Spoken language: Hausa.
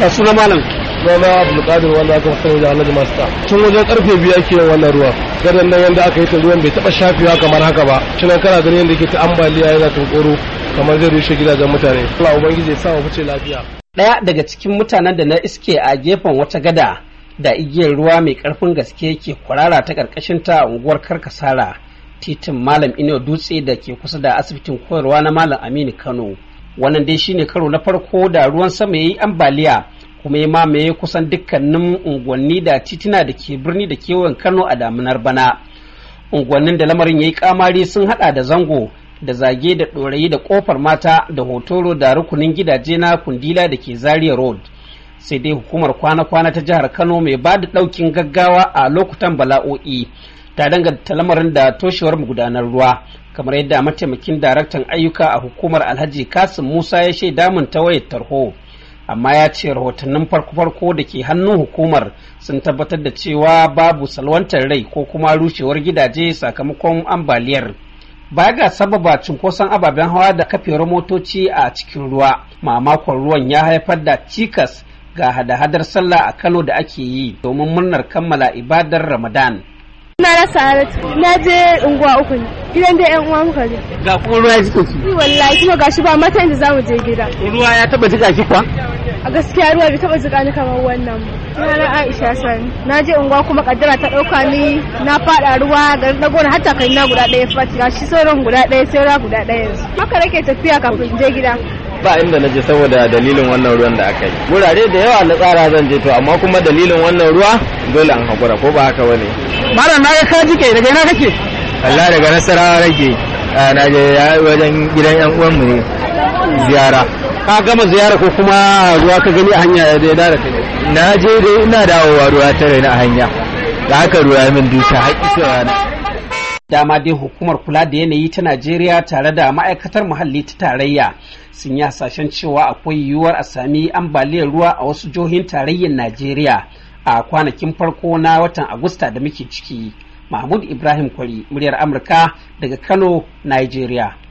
ya suna malam sunana abdulkadir wanda aka sani da alhaji masta tun wajen karfe biyu ake yin wannan ruwa gadon nan yadda aka yi ta ruwan bai taba shafewa kamar haka ba tunan kana ganin yadda ke ta ambaliya yana tunkuru kamar zai rushe gidajen mutane allah ubangiji ya sa mu fice lafiya daya daga cikin mutanen da na iske a gefen wata gada da igiyar ruwa mai karfin gaske ke kwarara ta karkashin ta unguwar karkasara titin malam ino dutse da ke kusa da asibitin koyarwa na malam aminu kano wannan dai shine karo na farko da ruwan sama ya yi ambaliya kuma ya mamaye kusan dukkanin unguwanni da titina da ke birni da kewayen kano a damunar bana unguwannin da lamarin ya yi kamari sun hada da zango da zage da ɗorayi da ƙofar mata da hotoro da rukunin gidaje na kundila da ke zaria road sai dai hukumar kwana-kwana ta jihar kano mai ba da ɗaukin gaggawa a lokutan bala'o'i ta danganta lamarin da toshewar gudanar ruwa kamar yadda mataimakin daraktan ayyuka a hukumar alhaji kasim musa ya shaida mun ta wayar tarho amma ya ce rahotannin farko-farko da ke hannun hukumar sun tabbatar da cewa babu salwantar rai ko kuma rushewar gidaje sakamakon ambaliyar baya ga sababa cunkoson ababen hawa da kafewar motoci a cikin ruwa mamakon ruwan ya haifar da cikas ga hada-hadar sallah a kano da ake yi domin murnar kammala ibadar ramadan na rasa haratu na je unguwa uku ne gidan da yan uwa muka je ga kuma ruwa ya jike shi wallahi kuma gashi ba mata za zamu je gida ruwa ya taba jika shi kwa a gaskiya ruwa bai taba jika ni kamar wannan ba na Aisha Sani na je unguwa kuma kaddara ta dauka ni na fada ruwa ga na gona hatta kai na guda daya fati gashi sauran guda daya saura guda daya haka nake tafiya kafin je gida ba inda na je saboda dalilin wannan ruwan da aka yi wurare da yawa na tsara zan je to amma kuma dalilin wannan ruwa dole an hakura ko ba haka bane malam na ga ka jike daga ina kake Allah daga nasarawa rage na je wajen gidan yan uwan mu ne ziyara ka gama ziyara ko kuma ruwa ka gani a hanya da ya dara na je dai ina dawowa ruwa ta raina a hanya da haka ruwa min duka haƙƙi sai dama dai hukumar kula da yanayi ta najeriya tare da ma'aikatar muhalli ta tarayya sun yi hasashen cewa akwai yiwuwar a sami ambaliyar ruwa a wasu jihohin tarayyar najeriya a kwanakin farko na watan agusta da muke ciki mahmud ibrahim kwari muryar amurka daga kano najeriya